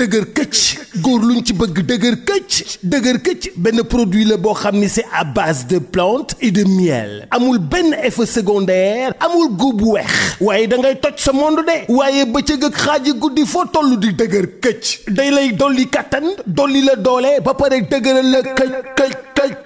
dëgër këcc góor luñ ci bëgg dëgër këcc dëgër këcc benn produit la boo xam ni c'est à base de plantes et de miel amul benn effet secondaire amul góob bu weex waaye da ngay toj sa monde de waaye bëccëg ak xaaji guddi foo toll di dëgër këcc day lay dolli kattan dolli la doole ba pare dëgëral la këcc këcc këcc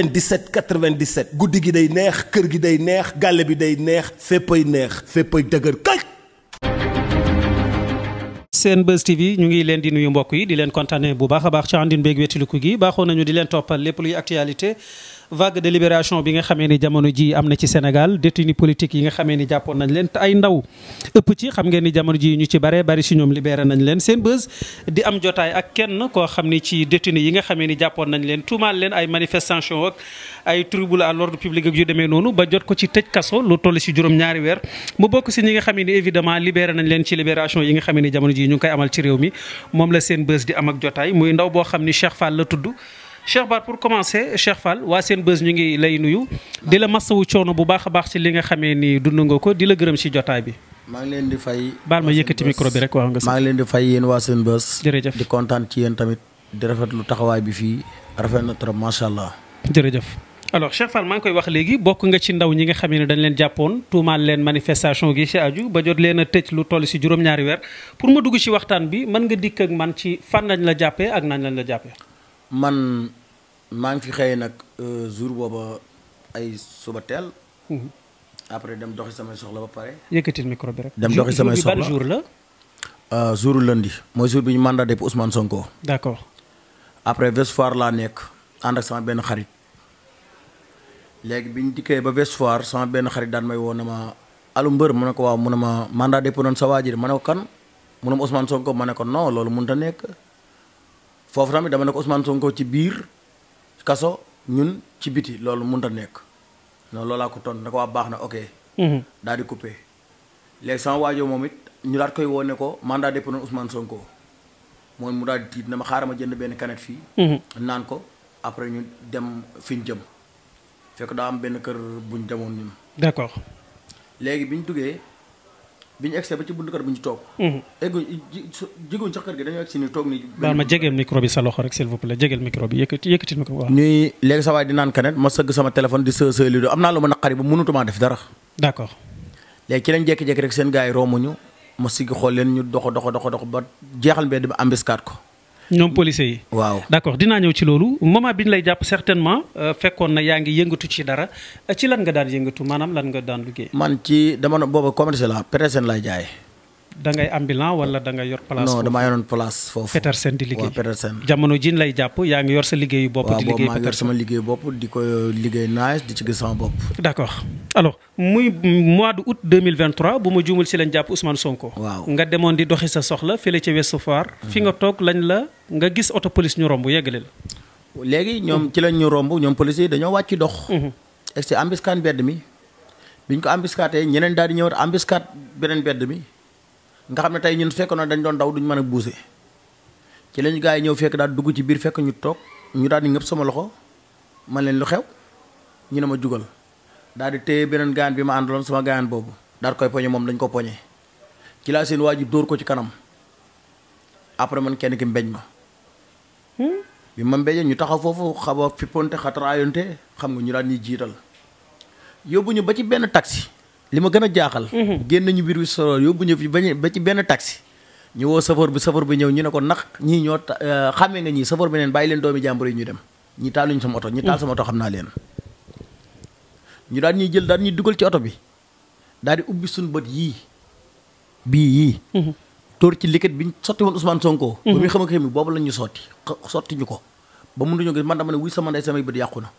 97 97 guddi gi day neex kër gi day neex gàlle bi day neex féppay neex féppay dëgër kay. Senbuzz TV ñu ngi leen di nuyu mbokk yi di leen kontaane bu baax a baax ci àndin beeg wétaliku gi baaxoo nañu di leen toppal lépp luy actualité. vague de libération bi nga xamee ni jamono ji am na ci Sénégal détenu politique yi nga xamee ni jàppoon nañ leen ay ndaw ëpp ci xam ngeen ni jamono ji ñu ci bare bari si ñoom libéré nañ leen seen bës di am jotaay ak kenn koo xam ni ci détenu yi nga xamee ni jàppoon nañ leen tuumaal leen ay manifestation ak ay trouble à l'ordre demee noonu ba jot ko ci tëj kaso lu toll si juróom ñaari weer mu bokk si ñi nga xamee ni évidemment nañ leen ci libération yi nga xamee ni jamono ji ñu ngi koy amal ci réew mi moom la seen bës di am ak jotaay muy ndaw boo xam ni Cheikh Fall la tudd Cheikh Bara pour commencer Cheikh Fall waa seen bés ñu ngi lay nuyu di la masawu coono bu baax a baax ci li nga xamee ni dund nga ko di la gërëm ci jotaay bi. maa ngi leen di fay. baal ma yëkkati micro bi rek wax nga. maa ngi leen di fay yéen waa seen bés. jërëjëf di kontaan ci yéen tamit di rafetlu taxawaay bi fii rafet na trop macha allah. jërëjëf. alors Cheikh Fall maa ngi koy wax léegi bokk nga ci ndaw ñi nga xam ne dañ leen jàppoon tuumaal leen manifestation gi ci aju ba jot leen a tëj lu toll ci juróom-ñaari weer pour ma dugg ci waxtaan bi mën nga dikk ak man ci fan lañ la jàppee ak nañ lañ la jàppee. man maa ngi fi xëy nag euh, jour booba ay suba teel. Mhm. après dem doxi samay soxla ba pare. yëkkatil micro dem doxi samay soxla ban jour la. Euh, jour lundi mooy jour bi ñu mandat dépôt Ousmane Sonko. d' accord. après Ouest Foire laa nekk ànd ak sama benn xarit léegi bi ñu dikkee ba Ouest Foire sama benn xarit daan may woo na ma alu mbër mu ne ko waaw mu ne ma mandat dépôt noonu sa waajir ma ne ko kan mu ne ma Ousmane Sonko ma ne ko non loolu mënut a nekk. foofu tamit dama ne ko Ousmane Sonko ci biir kaso ñun ci biti loolu mënut a nekk non loolaa ko tontu ne ko waa baax na ok. Mhm. daal di coupé léegi sama waajoo moom it ñu daat koy woo ne ko mandat dépôt na Ousmane Sonko moom mu daal di tiit na ma xaaral ma jënd benn canette fii. Mhm. naan ko après ñu dem fiñ ñu jëm fekk daa am benn kër buñ demoon ñun. d'accord léegi bi ñu duggee. bi ñu egsee ba ci buntu kër bi ñu toog. Mhm. egguñ jiguñ sax kër gi dañoo egsi ni toog ni. baal ma jegeel micro bi sa loxo rek s'il vous plaît jegeel micro bi yëkkati yëkkati ma ko ñuy léegi sa waay di naan kanet ma sëgg sama téléphone di sësëy li do am naa lu ma naqari ba mënutumaa def dara. d'accord. ci lañ jékki-jékki rek seen gars yi romb ñu ma sigg xool leen ñu dox dox dox ba jeexal mbedd bi embuscade ko ñoom policiers yi. waaw d' accord dinaa ñëw ci loolu moment bi ñu lay jàpp certainement euh, fekkoon na yaa ngi yëngatu ci dara euh, ci lan nga daan yëngatu maanaam lan nga daan liggéey. man ci dama ne booba commerce la presse laay jaay. da ngay ambulant wala da nga yor place. non damaa yoroon place foofu. Petersen di liggéey jamono jiin lay jàpp yaa ngi yor sa liggéeyu bopp. di liggéey waaw boobu bopp di ko euh, liggéey naaj di ci gis sama bopp. d' accord alors muy mois de août 2023 bu ma juumul si lañ jàpp Ousmane Sonko. waaw nga demoon di doxi sa soxla fële ca Ouest Foire. fi nga toog lañ la nga gis oto police ñu romb yeggale la. léegi ñoom ci lañ ñu romb ñoom police yi dañoo wàcc dox. est ce mhm. que embuscade mbedd mi biñ ko embuscadee ñeneen daal di ñëwaat embuscade beneen mbedd mi nga xam ne tey ñun fekk na dañ doon daw duñ mën a buuse ci lañu gaa yi ñëw fekk daal dugg ci biir fekk ñu toog ñu daal di ngëpp sama loxo man leen lu xew ñu ne ma jugal daal di téye beneen gaan bi ma àndaloon sama gaan boobu daal koy poñe moom dañ ko poñe ci laa seen waa ji dóor ko ci kanam après man kenn ki mbeñ ma hmm? bi ma mbeñee ñu taxaw foofu xaw a fipponte xataraayoonte xam nga ñu daal ñuy jiital yóbbu ñu ba ci benn taxi li ma gën a jaaxal. Mhm. génn ñu biir bi soroor yóbbu ñu fi ba ci benn taxi. ñu woo safar bi safar bi ñëw ñu ne ko nax ñii ñoo euh, xàmmee nga ñii safar bi neen bàyyi leen doomi jàmbur yi ñu dem ñi taaluñ sama oto ñi taal mhm. sama oto xam naa leen ñu daal ñuy jël daal ñuy dugal ci oto bi daal di ubbi suñ bët yii bii yii mhm. tóor ci liquide bi ñu sotti woon Ousmane Sonko ba muy xam ak boobu lañ ñu sotti sotti ñu ko ba mënuñu gis man dama ne wuy sama ndey samay bët yàqu na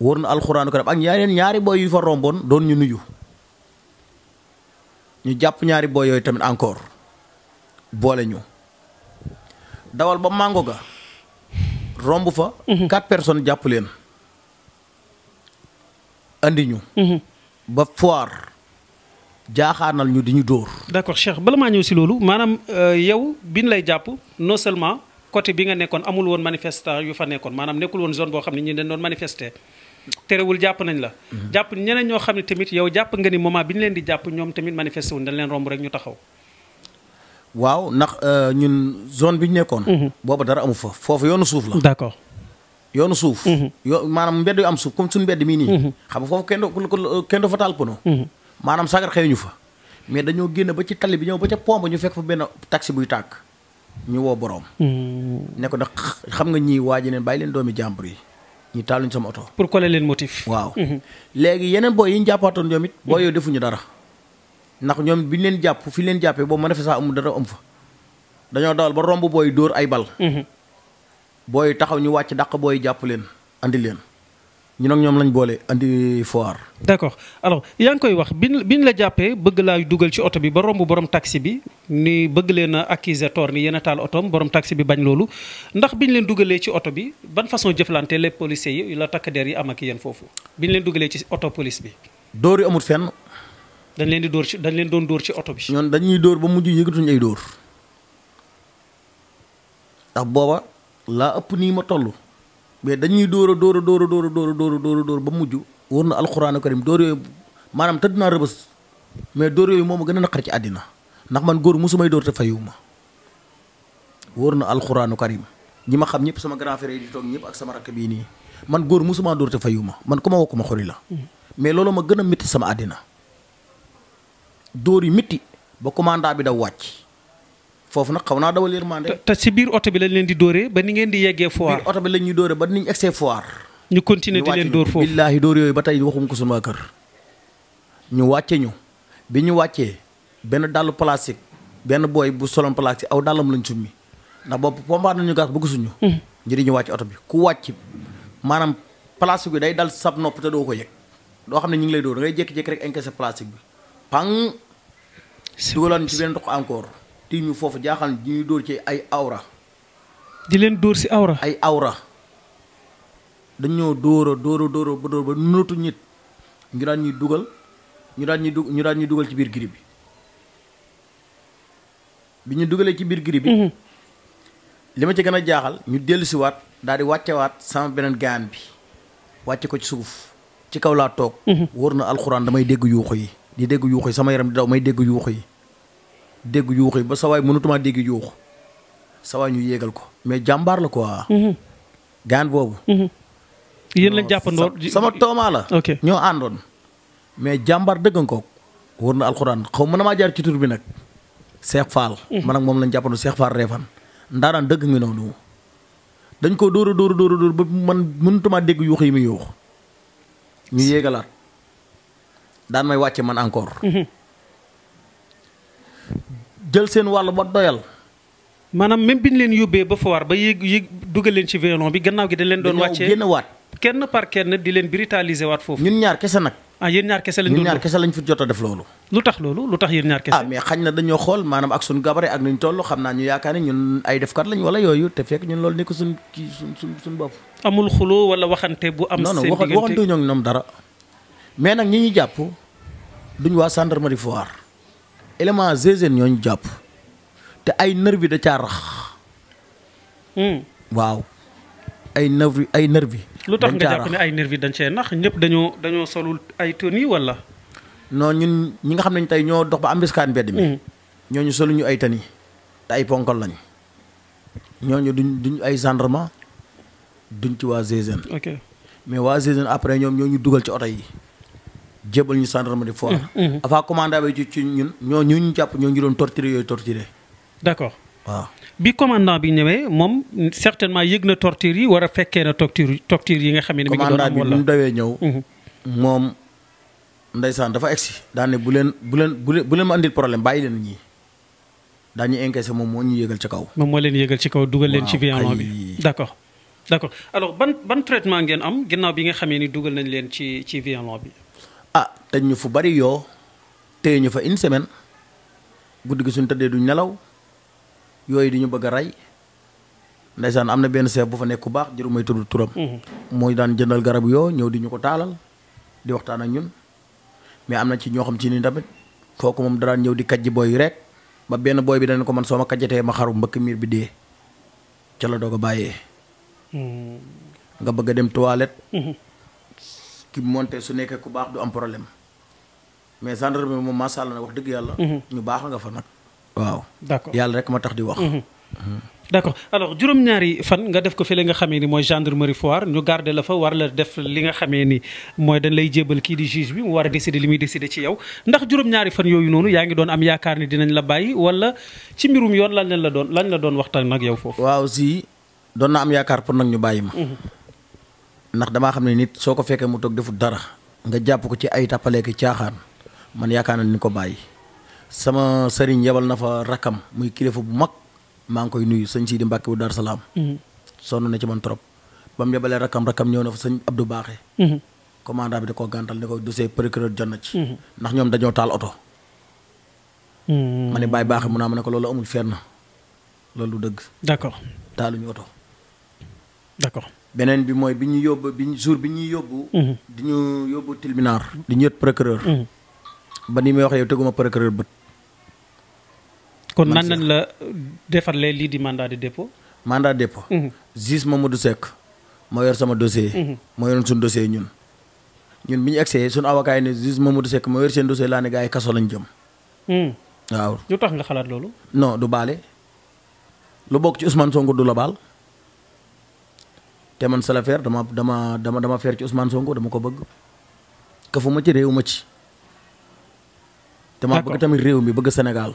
wóor na alxuraanu karim ak ñaari booy yu fa romboon doon ñu nuyu ñu jàpp ñaari boy yooyu tamit encore boole ñu dawal ba màngo ga romb fa. Mhm. quatre personnes jàpp leen indi ñu. Mhm. ba foire jaaxaanal ñu di ñu dóor. d'accord Cheikh bala maa ñëw si loolu maanaam euh, yow bi ñu lay jàpp non seulement côté bi nga nekkoon amul woon manifestant yu fa nekkoon maanaam nekkul woon zone boo xam ne ñu dañ doon manifester. terewul jàpp nañ la jàpp ñeneen ñoo xam ne tamit yow jàpp nga ni moment bi ñu leen di jàpp ñoom tamit manifesté wuñ leen romb rek ñu taxaw waaw ndax euh, ñun zone bi ñu nekkoon mhm. booba dara amu fa foofu yoonu suuf la d'accord yoonu suuf mhm. yoo maanaam mbedd yu am suuf comme suñu mbedd mii nii mhm. xam nga foofu kenn do kenn do fa taal pono maanaam sagar xëy ñu fa mais dañoo génn ba ñu fekk fa benn taxi buy tàkk ñu ñii waaji neen bàyyi leen doomi jàmbur yi ñu taaluñ sama oto. pour coller leen motif. waaw mhm. léegi yeneen booy yi ñu jàppaatoon ñoom it. booy yooyu defuñu dara. ndax ñoom bi ñu leen jàpp fi leen jàppee boobu ma ne fa saa amul dara am fa. dañoo dawal ba romb booy dóor ay bal. Mhm. booy taxaw ñu wàcc dàq booy jàpp leen andi leen. ñu nag ñoom lañ boole andi foire. d'accord alors yaa ngi koy wax bi bi ñu la jàppee bëgg laay dugal ci oto bi ba romb borom taxi bi ni bëgg leen ak accuser tort ni yéen taal otoom borom taxi bi bañ loolu ndax bi leen dugalee ci oto bi ban façon jëflante les la takk der yi am ak yéen foofu bi ñu leen dugalee ci oto police bi. dóor yi amut fenn. dañ leen di dóor ci dañ leen doon dóor ci oto bi. ñoom dañuy dóor ba mujj yëgatuñu ay dóor ndax booba laa ëpp nii ma toll. mais dañuy dóor a dóor a dóor a dóor a dóor a dóor a dóor a dóor ba mujj wóor na alxuraanu karim dóor yooyu maanaam tëdd naa rëbës mais dóor yooyu moom a gën a naqar ci àddina ndax man góor mosumay dóor te fayuma wóor na alxuraanu karim ñi ma xam ñëpp sama grand frère yi di toog ñëpp ak sama rakk bii nii man góor mosuma dóor te fayuma man ku ma woo ku ma xori la mm-hmm. mais loolu ma gën a métti sama àddina dóor yi métti ba commanda bi daw wàcc foofu nag xaw naa dawal yërmande. te si biir oto bi lañ di dóoree ba ni ngeen di yeggee foire. biir oto bi lañ ñuy dóoree ba ni ñu egsee foire. ñu continuer di leen dóor foofu ba tey waxum ko sunu waa ñu wàcce ñu bi ñu benn dàllu plastique benn booy bu solon plastique aw dàllam lañ summi ndax boobu pompa nañu gaas bëgg suñu. Hmm. ñu di ñu wàcc oto bi ku wàcc maanaam plastique bi day dal sab nopp te doo ko yëg doo xam ne ñu ngi lay dóor da ngay jékki-jékki rek encaissé plastique bi pang. dugalaan ci benn ndox ti ñu foofu jaaxal di ñuy dóor ci ay awra. di leen dóor si awra. ay awra dañoo dóora dóora dóora ba dóor ba nootu ñit ñu daan ñuy dugal ñu daan ñuy ñu daan ñuy dugal ci biir giri bi bi ñu dugalee ci biir giri bi. Mhm. li ma ci gën a jaaxal ñu dellu si waat daal di wàccewaat sama beneen gaan bi wàcce ko ci suuf ci kaw laa toog. Mhm. wóor na alxuraan damay dégg yuuxu yi di dégg yuuxu yi sama yaram di daw may dégg yuuxu yi. dégg yuux yi ba sa waay mënatumaa dégg yuux sa waay ñu yéegal ko mais jàmbaar la quoi. Mhm. gaan boobu. Mhm. yéen lañ jàppandoo sama toomaa la. ok ñoo àndoon mais jàmbaar dëggan ko wër na alxuraan xaw ma na maa jaar ci bi nag. Cheikh Fall. Mhm. moom lañ jàppandoo Cheikh Fall Réfane ndaanaan dëgg nga noonu dañ ko dóor a dóor a a dóor ba man mënatumaa dégg yuux yi mu yuux ñu yéegalaat daan may wàcce man encore. jël seen wàll ba doyal. maanaam même bi ñu leen yóbbee ba foire ba yéeg yéeg dugal leen ci violon bi gannaaw gi da leen doon. wàccee génn waat. kenn par kenn di leen brutaliser waat foofu. ñun ñaar kese nag. ah yéen kese lañ. ñun ñaar kese lañ fi jot a def loolu. lu tax loolu lu tax yéen ñaar kese. ah mais xañ na dañoo xool maanaam ak suñu gabare ak nuñ toll xam naa ñu yaakaar ne ñun ay defkat lañ wala yooyu te fekk ñun loolu nekk suñ kii suñ suñ bopp. amul xuloo wala waxante bu am. seen diggante non non waxantuñu ak ñoom dara mais nag ñi ñuy jàpp duñ waa gendarmerie foire élément GGN ñooñu jàpp te ay nervi da caa rax. Hmm. waaw ay nervi ay nervi lu tax nga jàpp ne ay nervi dañ cee nax ñëpp dañoo dañoo solul ay tenue wala. non ñun ñi nga xam ne tey ñoo dox ba ambiskaan mbedd mi. Hmm. ñooñu soluñu ay tenue te ay ponkol lañu. ñu duñ duñ ay gendarme duñ ci waa GGN. ok mais waa GGN après ñoom ñoo ñu dugal ci oto yi. jébal ñu gendarmerie fort mm-hmm, mm-hmm. avant commandant bi ci ñun ñoo ñu ñu jàpp ñoo ñu doon torturé yooyu torturé d'accord waaw bi commandant bi ñëwee moom certainement yëg na torture yi war a fekkee na torture torture yi nga xam ne mi ngi doon am wala commandant bi mu dawee ñëw mm-hmm. moom ndeysaan dafa egsi daane bu leen bu leen bu leen ma andil problème bàyyi leen ñii daañu encaissé moom moo ñu yëgal ci kaw moom moo leen yëgal ci kaw dugal leen ci violon bi d'accord d'accord alors ban ban traitement ngeen am ginnaaw bi nga xamee ni dugal nañ leen ci ci violon bi ah dañ ñu fu bari yoo téye ñu fa une semaine guddi gi suñ tëddee duñ nelaw yooyu di ñu bëgg rey ndaysaan am na benn chef bu fa nekk ku baax jëru may tudd turam. Mhm. mooy daan jëndal garab yoo ñëw di ñu ko taalal di waxtaan ak ñun mais am na ci ñoo xam ci ni tamit kooku moom daraan ñëw di kajj booy yi rek ba benn booy bi dañ ko man soo ma kàjjatee ma xaru mbëkk miir bi dee ca la doog a bàyyee. Mhm. nga bëgg dem toilette. Mhm. ki monté su nekkee ku baax du am problème mais gendarme bi moom macha allah wax dëgg yàlla. Mhm. ñu baax nga fa nag. waaw d'accord yàlla rek ma tax di wax. Mhm. Mhm. d'accord alors juróom-ñaari fan nga def ko fi li nga xamee ni mooy gendarmerie foire ñu garder la fa war la def li nga xamee ni mooy dañ lay jébal kii di juge bi mu war a décider li muy décider ci yow ndax juróom-ñaari fan yooyu noonu yaa ngi doon am yaakaar ni dinañ la bàyyi wala ci mbirum yoon lan lañ la doon lañ la doon waxtaan nag yow foofu. waaw si doon na am yaakaar pour nag ndax damaa xam ne nit soo ko fekkee mu toog defut dara nga jàpp ko ci ay tappaleeki caaxaan man yaakaar na ni ko bàyyi sama sëriñ yebal na fa rakkam muy kilifa bu mag maa ngi koy nuyu sëñ Sidi Mbàkke bu Dar Salaam mhm. sonn na ci man trop ba mu yebalee rakkam rakkam ñëw na fa sëñ Abdou Baaxe mhm. commandant bi da koo gàntal ni ko dossier procureur jot na ci mhm. ndax ñoom dañoo taal oto ma ne bàyyi baaxe mu naa ma ne ko loolu amul fenn loolu du dëgg d'accord taaluñu d'accord beneen bi mooy bi ñu yóbbu bi jour bi ñuy yóbbu. Mhm. di ñu yóbbu tribunal. du ñu yët procureur. Mhm. ba ni may wax yow teguma procureur bët. kon nan nan la defar defarlee lii di mandat de dépôt. mandat de dépôt. Mhm. juge Mamadou Seck moo yor sama dossier. moo yoroon suñu dossier ñun. ñun bi ñu egsee suñu avocat yi ne juge du Seck moo yor seen dossier laa ne gars yi kaso lañ jëm. waaw lu tax nga xalaat loolu. non du baale. lu bokk ci Ousmane Sonko du la baal. te man sa la faire dama dama dama dama faire ci Ousmane Sonko dama ko bëgg kafuma ci réew ma ci. te ma bëgg tamit réew mi bëgg Sénégal.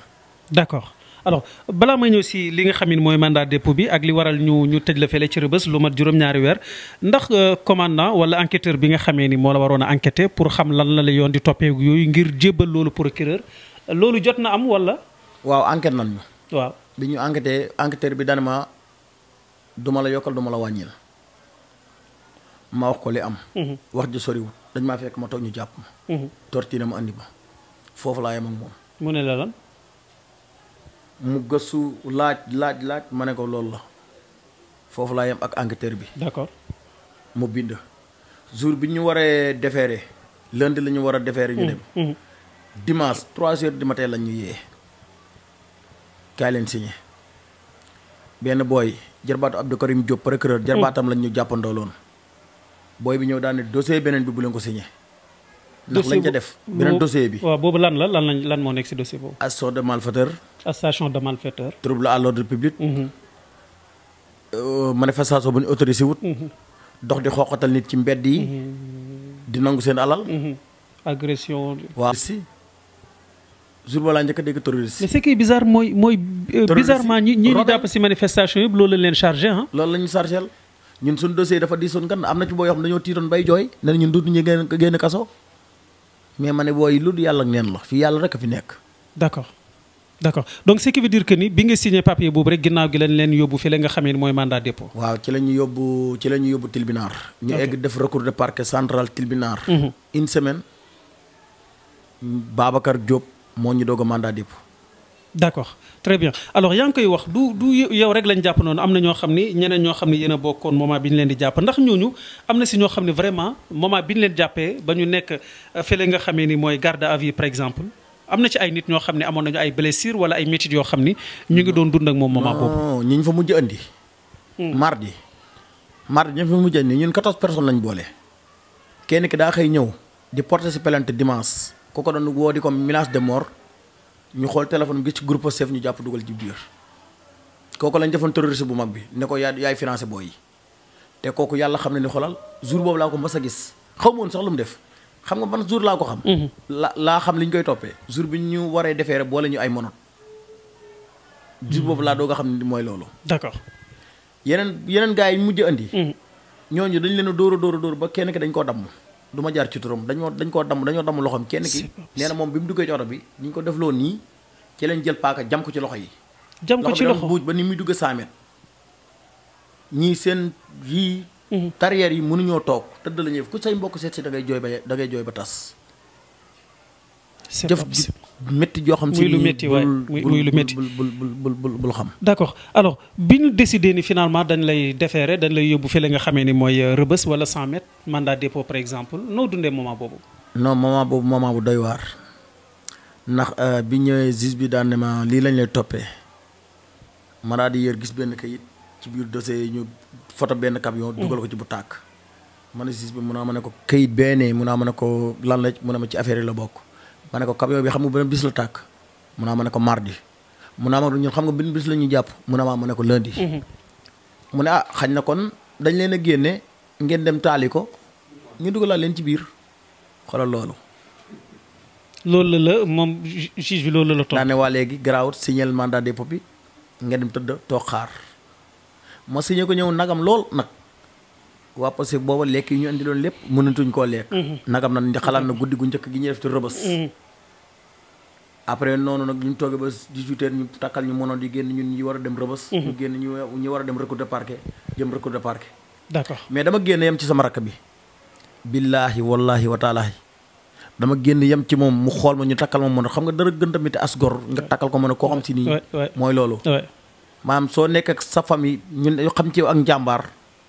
d'accord alors balaa may ñëw si li nga xam ne mooy mandat dépp bi ak li waral ñu ñu tëj la fële ci rëbës lu mat juróom-ñaari weer ndax euh, commandant wala enquêteur bi nga xamee ni moo la waroon a enquêter pour xam lan la la yoon di toppeeku yooyu ngir jébbal loolu procureur loolu jot na am wala. waaw enquête nañu. waaw bi ñu enquêté enquêteur bi daan ma la yokkal duma la wàññil. ma wax ko li am. Mhm. wax ji soriwul dañ ma fekk ma toog ñu jàpp ma. Mhm. tortiré ma andi ma foofu laa yem ak moom. mu ne la lan. mu gëstu laaj laaj laaj ma ne ko loolu la foofu laa yem ak enquêteur bi. mu bind. jour bi ñu waree defeere lundi lañu ñu war a defeere ñu mhm. dem. dimanche trois heures du matin lañ ñu yee. kaay leen signé benn booy jarbaatu Abdou Karim Diop jarbaatam lañ ñu jàppandooloon. booy bi ñëw daal ne dossier beneen bi bu leen ko signé. ndax lañ ca def beneen dossier bi. waaw boobu lan la lan lañ lan moo nekk si dossier boobu. association de malfaiteur. association de malfaiteur. trouble à l'ordre public. Mhm. Euh, manifestation bu ñu autorisé wut. Mhm. dox di xooqatal nit ci mbedd yi. Mhm. di nangu seen alal. agression. waaw si. jour balaa njëkk a dégg terroriste. mais ce qui est bizarre mooy mooy. Euh, terroriste bizarrement ñi ñi ñu jàpp si manifestation yëpp loolu la leen loolu ñun suñ dossier dafa diisoon kan am na ci boo yoo xam dañoo tiitoon bay jooy ne ñun duutu ñu génn kaso mais ma ne booy lu yàlla neen la fii yàlla rek a fi nekk. d'accord d'accord donc ce qui ni bi nga signé papier boobu rek ginnaaw gi lañ leen yóbbu fi la nga xamee ni mooy mandat dépôt. waaw ci la ñu yóbbu ci la ñu yóbbu tribunal. ñu egg def recours de parquet central tribunal. Mhm. une semaine Babacar Diop moo ñu doog a mandat d'accord très bien alors yaa ngi koy wax du du yow rek lañu jàpp noonu am na ñoo xam ni ñeneen ñoo xam ni yéen a bokkoon moment bi ñu leen di jàpp ndax ñooñu am na si ñoo xam ne vraiment moment bi ñu leen jàppee ba ñu nekk euh, fële nga xamee ni mooy garde à vue par exemple am na ci ay nit ñoo xam ne amoon nañu ay blessures wala ay métiers yoo xam ni ñu ngi doon dund ak moom moment boobu. ñi ñu fa mujj andi. Hmm. mardi mardi ñu fa mujj andi ñun 14 personnes lañ boole. kenn ki daa xëy ñëw di porter si plainte dimanche ku ko doon woo di ko menace de mort. ñu xool téléphone bi gis ci groupe Pastef ñu jàpp dugal ci biir kooku lañ defoon terroriste bu mag bi ne ko yaa yaay financé booy yi te kooku yàlla xam ne ni xolal jour boobu laa ko mas a gis xaw ma woon sax lu mu def xam nga ban jour laa xam. Mhm. la xam li koy toppee. jour bi ñu waree defee rek boole ñu ay monot jour boobu laa doog a xam ne mooy loolu. d'accord yeneen yeneen gars yi mujj andi. Mhm. ñooñu dañ leen a dóor a dóor a dóor ba kenn ki dañ koo damm. du ma jaar ci turam dañoo dañ koo damm dañoo damm loxoom kenn ki nee na moom bi mu duggee ci oto bi ñu ko defloo nii ci lañ jël paaka jam ko ci loxo yi jam ko ci loxo buuj ba ni muy dugg cent mètres ñii seen yii carrière mhm. yi mënuñoo toog tëdd la ñuy ku say mbokk seet si da jooy ba dangay jooy ba tas jëf métti joo xam si muy lu métti waay muy lu métti bul bul bul bul xam. d' accord alors bi ñu décidé ni finalement dañ lay déférer dañ lay yóbbu fële nga xamee ni mooy euh, rëbës wala 100 mètres mandat dépôt par exemple noo dundee moment boobu. non moment boobu moment bu doy waar ndax euh, bi ñëwee juge bi daan ma lii lañ lay toppee ma daal di yër gis benn kayit ci biir dossier ñu foto benn camion. Mm. dugal ko ci bu tàkk. ma ne juge bi mun naa ma ne ko kayit bee nee naa ma ne ko lan la mun na ma ci affaire la bokk. ma ne ko camion bi xam nga benn bis la ko la ñuy jàpp ko lundi. Mhm. mu ne ah na kon dañ leen a génne ngeen dem ko ñu dugalaat leen ci biir xoolal loolu. loolu la la moom juge bi loolu la toog. daa ne waa léegi garaawut signal bi nga dem tëdd toog xaar ma signé ko ñëw nagam lool nag. waa parce lekk yi ñu andi lépp mënatuñ koo lekk. Mhm. nagam na xalaat na mhm. guddi gu njëkk gi ñuy def ci rëbës. après noonu nag ñu toogee ba 18 heures ñu takkal ñu mënoon di génn ñun ñi war a dem rëbës. Mhm. ñu génn ñu ñu war a dem recours de parquet jëm recours de parquet. d'accord mais dama génn yem ci sama rakk bi. billaahi wallaahi wataalaahi dama génn yem ci moom mu xool ma ñu takkal ma mën xam nga dara gën tamit as gor nga takkal ko mën a koo xam si nii. mooy loolu. maanaam soo nekk sa famille ñun xam ci ak njàmbaar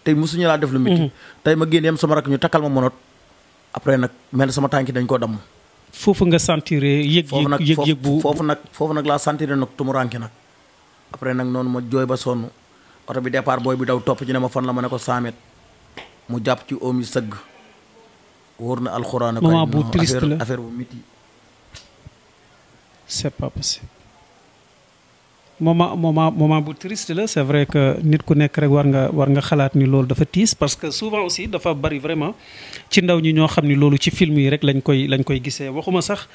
tey mosuñu laa def lu métti. Mhm. tey ma génn yem sama rakk ñu takkal ma mënoot après nag mel sama tànki dañ koo damm. foofu nga sentiré yëg yëg yëg bu foofu nag foofu nag laa sentiré nag tumuraanke nag après nag noonu ma jooy ba sonn oto bi départ booy bi daw topp ci ne ma fan la ma ne ko 100 mu jàpp ci oom yi sëgg wóor na alxuraan. moment bu triste la affaire bu métti. c'est pas possible. moment moment moment bu trist la c'est vrai que nit ku nekk rek war nga war nga xalaat ni loolu dafa tiis parce que souvent aussi dafa bari vraiment ci ndaw ñi ñoo xam ni loolu ci film yi rek lañ koy lañ koy gisee waxuma sax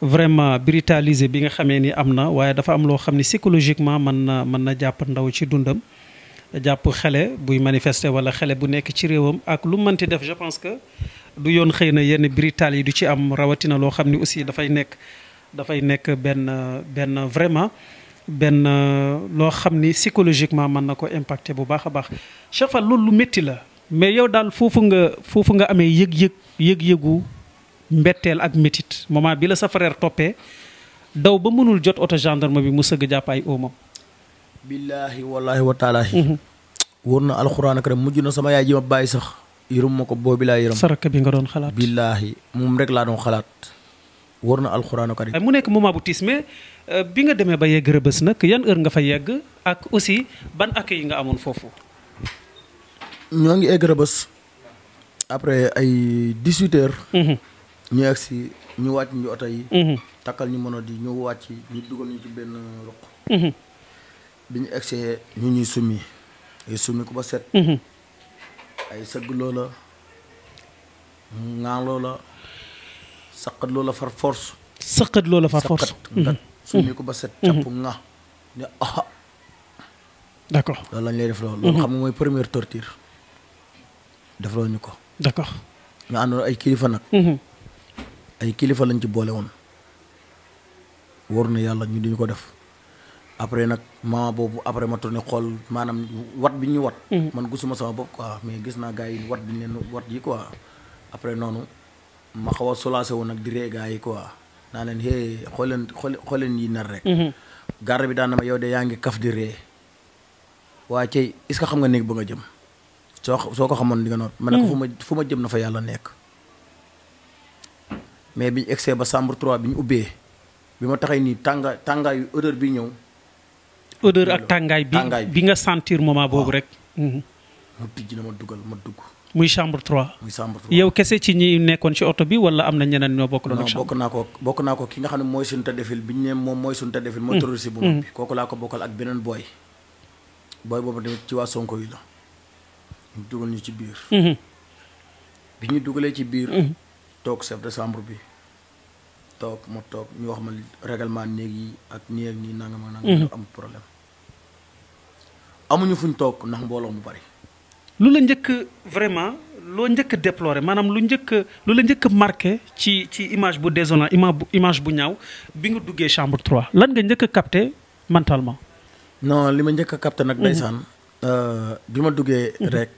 vraiment brutalisé bi nga xamee ni am na waaye dafa am loo xam ni psychologiquement mën na mën na jàpp ndaw ci dundam jàpp xele buy manifester wala xele bu nekk ci réewam ak lu mënti def je pense que du yoon xëy na yenn brutal yi du ci am rawatina loo xam ni aussi dafay nekk dafay nekk benn benn vraiment benn euh, loo xam ni psychologiquement mën na ko impacter bu baax a baax Cheikh loolu lu métti la mais yow daal foofu nga foofu nga amee yëg-yëg yëg-yëgu mbetteel ak métit moment bi la sa frère toppee daw ba mënul jot oto gendarme bi mu sëgg jàpp ay oomam billaahi wallaahi wa taalaahi mhm. wóor na alxuraan ak mujj na sama yaay ji sax yërëm ma ko boobi laa yërëm saraka nga doon xalaat billaahi moom rek laa doon xalaat wóor na alxuraan ak mu nekk moment bu tiis mais Euh, bi nga demee ba yegg rëbës nag yan heure nga fa yegg ak aussi ban akk yi nga amoon foofu. ñoo ngi egg rëbës après ay 18 heures. Mhm. ñu egg si ñu wàcc ñu oto yi. Mhm. takkal ñu mën a di ñu wàcc ñu dugal ñu ci benn roq. Mhm. bi ñu egsee ñu ñuy summi summi ku ba set. ay sëgg loola ŋaan loola saqat loola far force. saqat loola far force suñu ko ba set. Mhm. capp nga ne aha. d' accord loolu lay def loolu. loolu mhm. xam nga mooy première torture. defloo ñu ko. d' accord ñu àndoon ay kilifa nag. Mhm. ay kilifa lañ ci boole woon. wóor na yàlla ñu duñu ko def après nag ma boobu après ma tourné xool maanaam wat bi ñu wat. man gisuma sama bopp quoi mais gis naa gars yi wat bi ñu wat yi quoi après noonu ma xaw a woon nag di ree yi quoi. naa leen hee xool leen xool leen yi nar rek. Mhm. garde bi daan na yow de yaa ngi kaf di ree waa cey est xam nga néeg ba nga jëm soo soo ko xamoon di nga noonu. ma ne mhm. fu ma fu ma jëm na fa yàlla nekk. mais bi ñu egsee ba chambre 3 bi ñu ubbee bi ma taxay nii tànga tàngaayu odeur bi ñëw. odeur ak tàngaay bi bi nga sentir moment boobu rek. mu mhm. tijji na ma dugal ma dugg. muy chambre 3. muy chambre 3 yow kese ci ñi nekkoon ci oto bi wala am na ñeneen ñoo bokk. doon ak bokk naa ko bokk naa ko ki nga xam ne mooy suñu tëddefil bi ñu ne moom mooy suñu mm. mm. ko bokkal ak ñu ci biir. Mm-hmm. bi ñu dugalee ci biir. Mm-hmm. toog chef de chambre bi. toog ma toog ñu wax ma règlement néeg yi ak nii ak nii nangam ak nangam. Mm-hmm. am fuñ toog ndax mbooloo mu bari. lu la njëkk vraiment loo njëkk a maanaam lu njëkk lu la njëkk a marqué ci ci image bu désolant image bu ñaaw bi nga duggee chambre 3 lan nga njëkk a capté mentalement. non li ma njëkk a capté nag. Mhm. ndeysaan euh, bi ma duggee mhm. rek.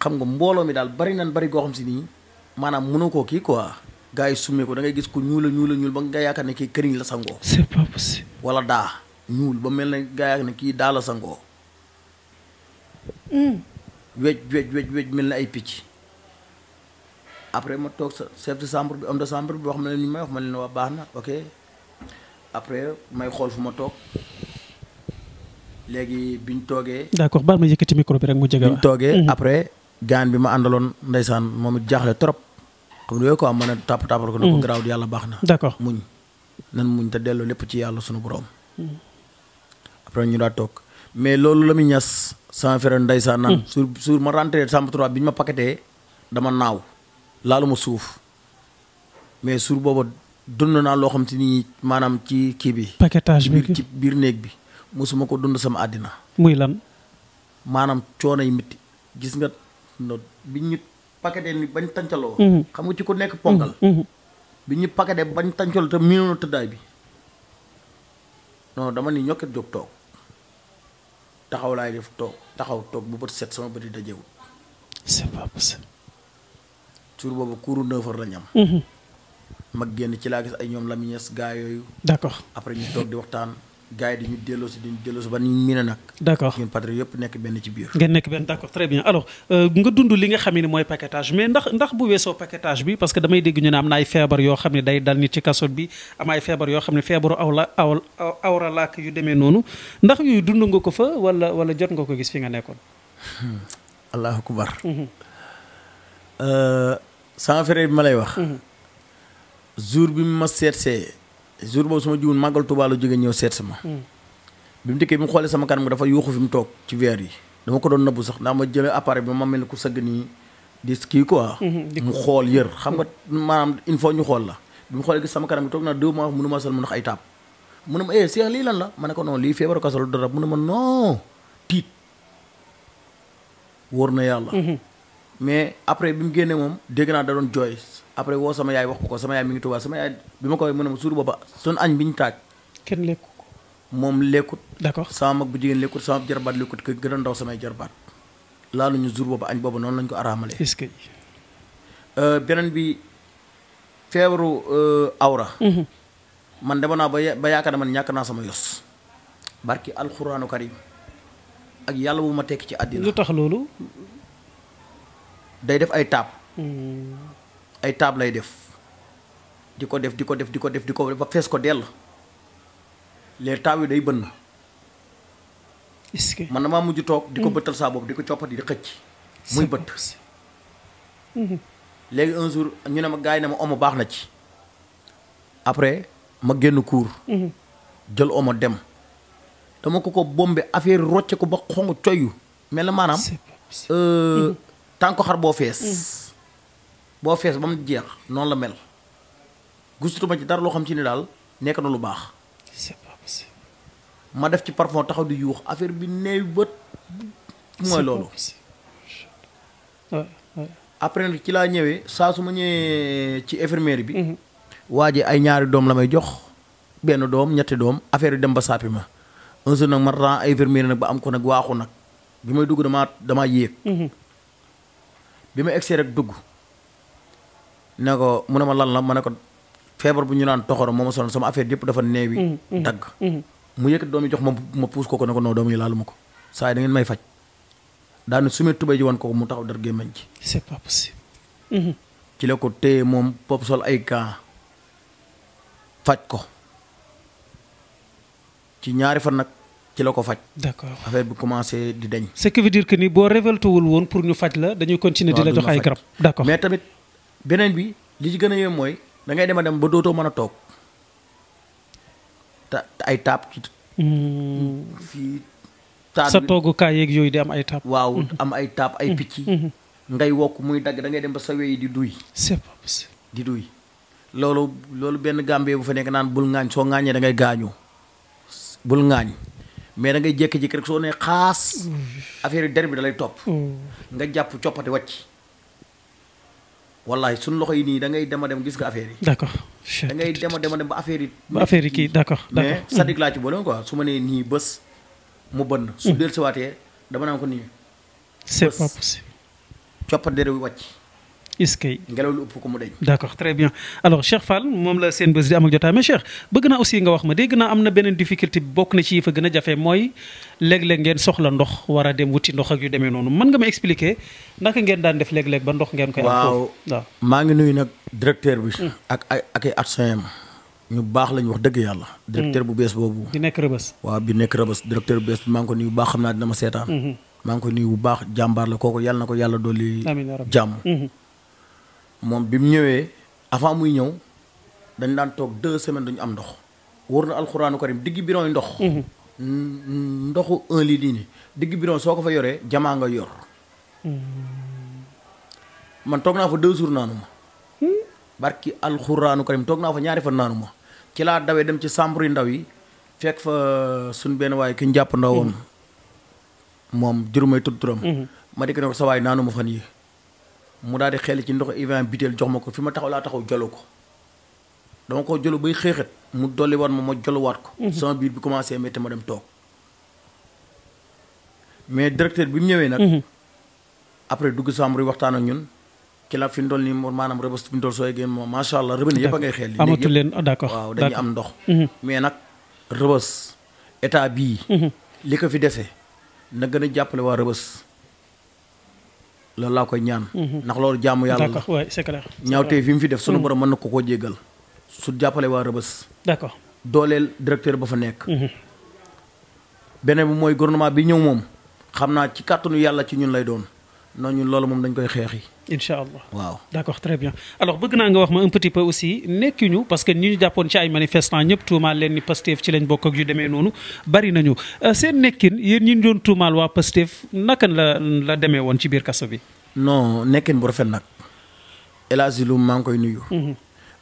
xam nga mbooloo mi daal bari nan bari goo xam si nii maanaam mënoo koo kii quoi. gaa yi summee ko da ngay gis ko ñuul a ñuul a ñuul ba nga yaakaar ne kii këriñ la sangoo. c'est pas possible. wala daa ñuul ba mel na gaa yaakaar ne kii daa la sangoo. Hmm. wej wej wej wej mel na ay picc après ma toog sa chef de chambre bi homme de chambre bi wax ma ne ni may wax ma ne waa baax na ok après may xool fu ma toog léegi bi ñu toogee. d'accord baal ma yëkkati micro bi rek mu jege. bi toogee mhm. après gaan bi ma àndaloon ndeysaan moom it jaaxle trop. xam nga yooyu quoi mën a tàpp mhm. yàlla baax na. d'accord muñ nan muñ te delloo lépp ci yàlla sunu borom. Mhm. après ñu daa toog. mais loolu la muy ñas sama frère ndeysaan naan sur sur ma rentré chambre 3 bi ñu ma paquetee dama naaw laalu ma suuf mais sur booba dund naa loo xam te ni maanaam ci kii bi paquetage bi ci biir néeg bi mosuma ko dund sama àddina muy lan maanaam coono yi métti gis nga no bi ñu paquetee ni bañ tàncaloo mm-hmm. xam nga ci ko nekk ponkal mm-hmm. mm-hmm. bi ñu paquetee bañ tàncaloo te miinoon tëddaay bi non dama ni ñokket jóg toog taxaw laay def toog taxaw toog bu bët set sama bët yi dajewul. c'est pas possible. suur boobu kuuru neuf heures lañ am. Mhm. mag génn ci laa gis ay ñoom Lamine gaa yooyu. d'accord après ñu toog di waxtaan. gars yi di ñu delloosi di ñu delloosi ba ñu mën a nag. d' accord nekk benn ci biir. ngeen nekk benn d' accord très bien alors euh, nga dund li nga xam ne mooy paquetage mais ndax ndax bu weesoo paquetage bi parce que damay dégg ñu ne am na ay feebar yoo xam ne day dal nit ci kaso bi am ay feebar yoo xam ne feebaru aw la aw awra laak yu demee noonu ndax yooyu dund nga ko fa wala wala jot nga ko gis fi nga nekkoon. Hmm. allahu akbar. sama frère bi ma lay wax. Mhm. jour jour boobu sama màggal Tuubaa la jóge ñëw seet sama hmm. bi mu dikkee bi mu xoolee sama kanam dafa yuuxu fi mu toog ci weer yi dama ko doon nëbbu sax ndax ma jëlee appareil bi ma mel ni ku sëgg nii di kii quoi hmm, mu xool yër hmm. xam nga maanaam il faut ñu xool la bi mu xoolee gis sama kanam gi toog naa deux mois mënu ma sol mu ndax ay taab mu ne ma eh Cheikh lii lan la ma ne ko non lii feebaru kaso la dara mu ne ma non tiit wóor na yàlla mais après bi mu génnee moom dégg naa da doon jooy après woo sama yaay wax ko sama yaay mi ngi tubaab sama yaay bi ma ko waxee mu ne ma suur booba sun añ bi ñu taaj. kenn lekku ko. moom lekkut. d'accord sama mag bu jigéen lekkut sama jarbaat lekkut ko gën a ndaw samay jarbaat laaluñu jour boobu añ boobu noonu lañ ko araamalee. est euh, beneen bi feebaru euh, awra. Mhm. man dama naa ba ya ba yaakaar man ñàkk naa sama yos. barki alxuraanu karim ak yàlla bu ma tekk ci àddina. lu tax loolu. day def ay taab. Hmm. ay taab lay def di ko def di ko def di ko def di ko ba fees ko dell les taab yi day bënn. est-ce que man toog. di ko hmm. bëttal saa boobu di ko coppati di xëcc. muy bëtt. Hmm. léegi un ñu ne ma gars ne ma omo baax na ci. après ma génn kuur. jël omo dem. dama ko ko bombe affaire rocce ko ba xong coyu mel na maanaam. tànk xar boo fees. Mm. boo fees ba mu jeex noonu la mel. gustuma ci dara loo xam ci ni daal nekk na lu baax. ma def ci parfum taxaw di yuux affaire bi néew bët. mooy loolu. après ci laa ñëwee saa su ma ñëwee ci infirmière bi. Mm-hmm. waa ji ay ñaari doom la may jox. benn doom ñetti doom affaire yi dem ba sàppi ma. un nag ma ren ay infirmière nag ba am ko nag waaxu nag bi may dugg damaa damaa yéeg. Mm-hmm. bi ma egsee rek dugg ne ko mu ne ma lan la ma ne ko feebar bu ñu naan toxoro moo ma sonal sama affaire yëpp dafa neewi mm, mm, mm, dagg mu yëkkati doom yi jox ma ma puus ko ko ne ko non doom yi laalu ma ko saa yi da may faj daanu sumee tubéy ji wan ko mu taxaw dar gémmañ ci mm-hmm. ci la ko téye moom pop sol ay gaa faj ko ci ñaari fan nag ci la ko faj. d'accord affaire bi commencé di deñ ce qui veut dire ni boo révolté wul woon pour ñu faj la dañuy continuer di la jox ay garab d'accord mais tamit beneen bi li ci gën a yem mooy da ngay dem dem ba dootoo mën a toog ta ay taab. Hmm. fii taab sa toogukaay yeeg yooyu di am ay taab. waaw hmm. am ay taab ay hmm. picc. ngay wokk muy dagg da dem ba sa wey di duy. c'est di duy. loolu loolu benn gàmbee bu fa nekk naan bul ŋaañ soo ŋaañee da ngay gaañoo bul ŋaañ. mais da ngay jékki-jékki rek soo nee xaas. affaire yi der bi dalay topp. nga jàpp coppati wàcc. wallahi suñ loxo yi nii da ngay dem a gis nga affaire yi. d' accord da ngay dem a dem a ba affaire yi. ba yi kii d' accord d' accord mais sadik laa ci su ma nee nii bës mu bënn. su mm. dellusiwaatee dama naan ko nii. c' est coppati der bi est-ce que. ngelaw lu ëpp ko mu deñ d'accord très bien alors Cheikh Fall moom la seen bés di am ak jotaay mais Cheikh bëgg naa aussi nga wax ma dégg naa am na beneen difficulté bokk na ci yi fa gën a jafe mooy léeg-léeg ngeen soxla ndox war a dem wuti ndox ak yu demee noonu man nga ma expliquer naka ngeen daan def léeg-léeg ba ndox ngeen koy. am waaw maa ngi nuyu nag directeur bi. Hmm. ak ay ak ay adjoint ñu baax lañu wax dëgg yàlla. Hmm. directeur bu bees boobu. di nekk rëbës. waaw bi nekk rëbës directeur bi maa ngi ko nuyu bu baax naa dina ma seetaan. Hmm. maa ngi ko bu baax jàmbaar la kooku yàlla na ko yàlla dolli. amiin jàmm. moom bi mu ñëwee avant muy ñëw dañ daan toog deux semaine duñu am ndox wóor na alxuraanu karim digg biron yi ndox mhm. ndoxu un litre yi ni digg biron soo ko fa yoree jamaa nga yor mhm. man toog naa fa deux jours naanu ma hmm? barki alxuraanu karim toog naa fa ñaari fan naanu ma ci laa dawee dem ci chambre yu ndaw yi fekk fa euh, suñ benn waaye ki ñu ndaw woon mhm. moom jurumay tudd turam ma di ne ko sa naanu ma fan yi mu daal di xel ci ndox Ivan butéel jox ma ko fi ma taxaw laa taxaw jolu ko dama ko jolu bay xeexet mu dolli waat ma ma waat ko. Mhm. sama biir bi commencé métti ma dem toog mais directeur bi mu ñëwee nag. Mhm. après dugg Samb waxtaan ak ñun. ki la fi ndool nii maanaam rëbës fi ndool sooy génn moom macha allah rëbën yëpp a ngay xel. amatul leen ah, d'accord waaw am ndox. Mhm. mais nag rëbës état bii. li ko fi dese na gën a jàppale waa rëbës. loolu laa koy ñaan. Mhm. ndax loolu jàmm yàlla la. d'accord waay c'est clair. ñaawtee fi mu fi def sunu mhm. borom mën na ko koo jéggal. su jàppale waa Rëbës. d'accord dooleel directeur ba fa nekk. Mhm. beneen bi mooy gouvernement bi ñëw moom. xam naa ci kàttanu yàlla ci ñun lay doon. noonu loolu moom dañ koy xeex yi incha allah waaw d' accord très bien alors bëgg naa nga wax ma un petit peu aussi nekkuñu parce que ñi ñu jàppoon ci ay manifestants ñëpp tuumaal leen ni Pastef ci lañ bokk ak yu demee noonu bari nañu euh, seen nekkin yéen ñi ñu doon tuumaal waa Pastef naka la la demee woon ci biir kaso bi. non nekkin bu rafet nag El lu Loum maa ngi koy nuyu. Mhm.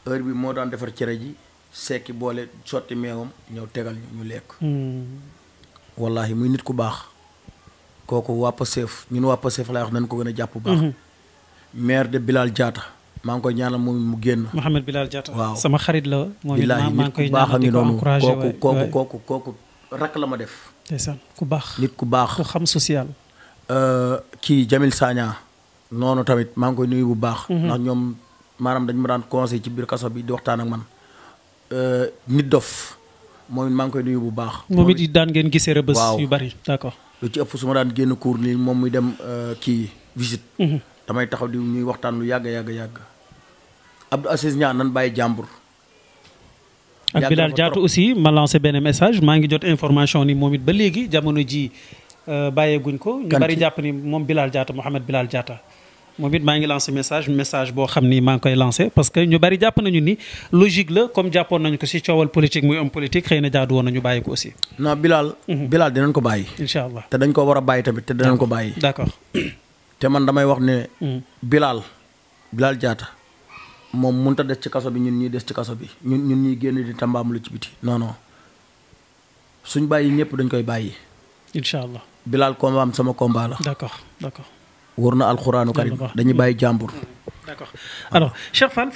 heure bi moo daan defar cere ji sekki boole sotti meewam ñëw tegal ñu lekk. Hmm. wallahi muy nit ku baax. kooku waa Pastef ñun waa Pastef laay wax nañ ko gën a jàpp bu baax. Mhm. maire de Bilal Diatta. maa ngi koy ñaanal moom mu génn. Mouhamed Bilal Diatta waaw sama xarit la. moom it maa ngi koy ñaanal ko encouragé waay kooku kooku la ma def. ndeysaan ku baax nit ku baax ku xam social. Euh, kii Jamil Sagna. noonu tamit maa ngi koy nuyu bu baax. Mhm. ndax ñoom maanaam dañ ma daan conseil ci biir kaso bi di waxtaan ak man. Euh, nit dof moom it maa ngi koy nuyu bu baax. moom it daan ngeen gisee rëbës yu bari d'accord. lu ci ëpp su ma daan génn cours nii moom muy dem euh, kii visite. Mhm. damay taxaw di ñuy waxtaan lu yàgg yàgg yàgg. Abdou Aziz Niang nan bàyyi jàmbur. ak Bilal Diatou aussi ma lancé benn message maa ngi jot information ni moom it ba léegi jamono ji euh, guñ ko. ñu bari jàpp ni moom Bilal Diatou Mouhamed Bilal jaata moom it maa ngi lancé message message boo xam ni maa ngi koy lancé parce que ñu bari jàpp nañu ni logique la comme jàppoon nañu ko ci coowal politique muy homme politique xëy na jaadu woon nañu bàyyi ko aussi. non Bilal. Mhm. Bilal dinañ ko bàyyi. incha allah te dañ ko war a bàyyi tamit te dinañ ko bàyyi. d'accord te man damay wax ne. Mhm. Bilal Bilal Diatta moom mun ta des ci kaso bi ñun ñuy des ci kaso bi ñun ñun ñuy génn di tambaamlu ci biti. non non suñ bàyyi ñëpp dañ koy bàyyi. incha allah Bilal kombaam sama komba la. d'accord wóor na alxuraanu karim dañuy bàyyi jàmbur. d'accord alors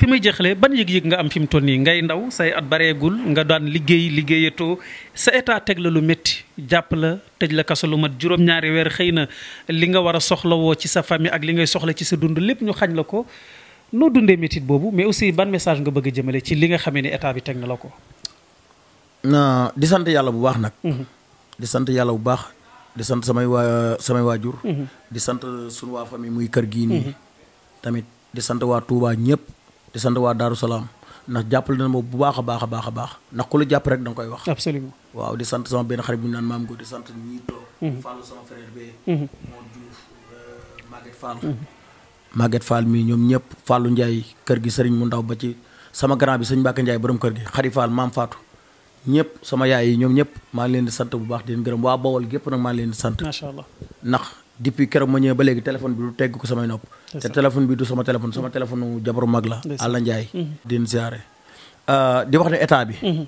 fi ma jeexalee ban yëg-yëg nga am fi mu toll nii ngay ndaw say bareegul nga daan liggéey liggéeyatoo sa état teg la lu métti jàpp la tëj la kaso lu mat juróom-ñaari weer xëy na li nga war a soxlawoo ci sa famille ak li ngay soxla ci sa dund lépp ñu xañ la ko noo dundee métit boobu mais aussi ban message nga bëgg a jëmale ci li nga xamee ne état bi teg na la ko. di sant yàlla bu baax nag. Mhm. di sant yàlla di sant samay waa samay waajur. Mhm. di sant sunu waa muy kër gii nii. Mhm. tamit di sant waa tuubaa ñëpp. di sant waa Darou Salaam ndax jàppale na moom bu baax a baax a baax a baax ndax ku la jàpp rek da koy wax. absolument waaw di sant sama benn xarit bu naan maam Gow di sant ñi toog. Mhm. Fall sama frère bee. moo Diouf euh, Maguette Fall. mii ñoom ñëpp Fallou Ndiaye kër gi sëriñ mu ndaw ba ci sama grand bi sëñ Mbacke njaay borom kër gi xarit Fall maam Fatou. ñépp sama yaay yi ñoom ñëpp maa leen di sant bu baax di leen gërëm waa Bawol gépp nag maa leen sant. ndax depuis keroog ma ñëwee ba léegi téléphone bi du tegg ko samay nopp. te téléphone bi du sama téléphone sama téléphone jabaru mag la. Alla Ndiaye. Mm-hmm. di leen ziare euh, di wax ne état bi. Mm-hmm.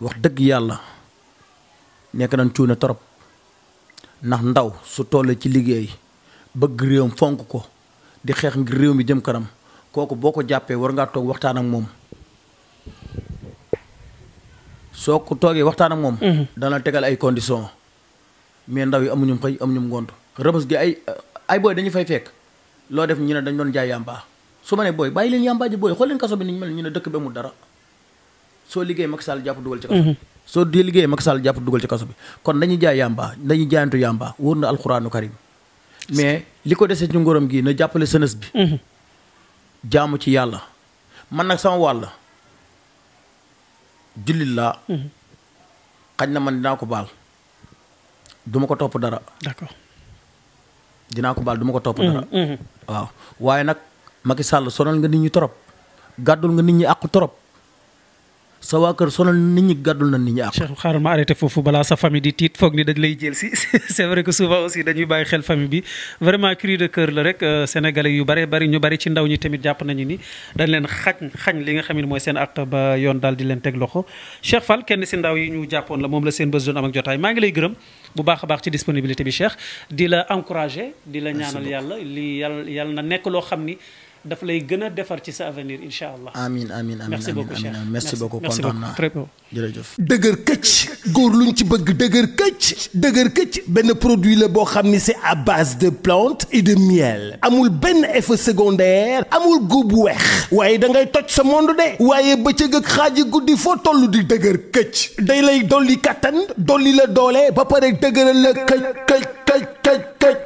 wax dëgg yàlla nekk nañ cuune torop ndax ndaw su toll ci liggéey bëgg réewam fonk ko di xeex ngir réew mi jëm kanam kooku boo ko jàppee war ngaa toog waxtaan ak moom. soo ko toogee waxtaan ak moom. Mhm. dana tegal ay conditions. mais ndaw yi amuñu xëy amuñu ngont rëbës gi ay ay booy dañu fay fekk loo def ñu ne dañ doon jaay yàmbaa su ma ne booy bàyyi leen yàmbaa ji booy xool leen kaso bi ni ñu mel ñu ne dëkk bi amul dara soo liggéey Macky Sall jàpp dugal ci kaso bi. Mhm. soo di liggéey Macky Sall jàpp dugal ci kaso bi kon dañuy jaay yàmbaa dañuy jaayantu yàmbaa wóor na alxuraanu karim mais li ko dese ci ngorom gi na jàppale sënës bi. Mhm. jaamu ci yàlla man nag sama wàll. jullit laa. Mhm. xañ na man dinaa ko baal duma ko topp dara. dinaa ko baal duma ko topp mhm, dara. Mhm. waaw waaye nag Macky Sall sonal nga nit ñi trop. gàddul nga nit ñi àqu trop. sa waa kër sonal nit ñi gàddul na nit ñi ak Cheikh xaaral ma arrêté foofu balaa sa famille di tiit foog ni dañ lay jël si c'est vrai que souvent dañuy bàyyi xel famille bi vraiment cri de cœur la rek euh, sénégalais yu bare bari ñu bari ci ndaw ñi tamit jàpp nañu ni dañ leen xañ xañ li nga xam ne mooy seen acte ba yoon daal di leen teg loxo Cheikh Fall kenn si ndaw yi ñu jàppoon la moom la seen bés doon am ak jotaay maa ngi lay gërëm bu baax a baax ci disponibilité bi Cheikh di la encourager di la ñaanal yàlla li yàlla yàlla na nekk loo xam ni daf lay gën a defar ci sa avenir incha allah. amiin amiin amiin merci beaucoup Cheikh merci beaucoup kontaan naa très bien jërëjëf. dëgër këcc góor lu luñ ci bëgg dëgër këcc dëgër këcc benn produit la boo xam ni c'est à base de plantes et de miel amul benn effet secondaire amul góob bu weex waaye da ngay toj sa monde de waaye bëccëg ak xaaji guddi foo toll di dëgër këcc day lay dolli kattan dolli la doole ba pare dëgëral la këcc këcc këcc këcc.